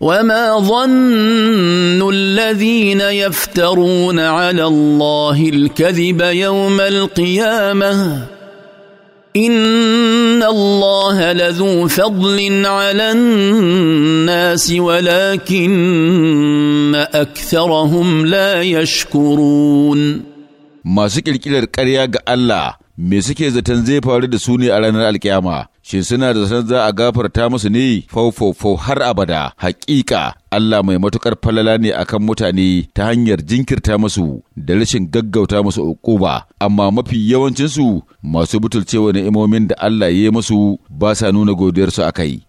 وما ظن الذين يفترون على الله الكذب يوم القيامه ان الله لذو فضل على الناس ولكن اكثرهم لا يشكرون masu ƙirƙirar ƙarya ga Allah me suke zaton zai faru da su ne a ranar alkiyama shin suna da san za a gafarta musu ne faufofo har abada hakika Allah mai matukar falala ne akan mutane ta hanyar jinkirta musu da rashin gaggauta musu uƙuba, amma mafi yawancinsu masu butulcewa ni'imomin da Allah ya yi musu ba sa nuna godiyarsu a kai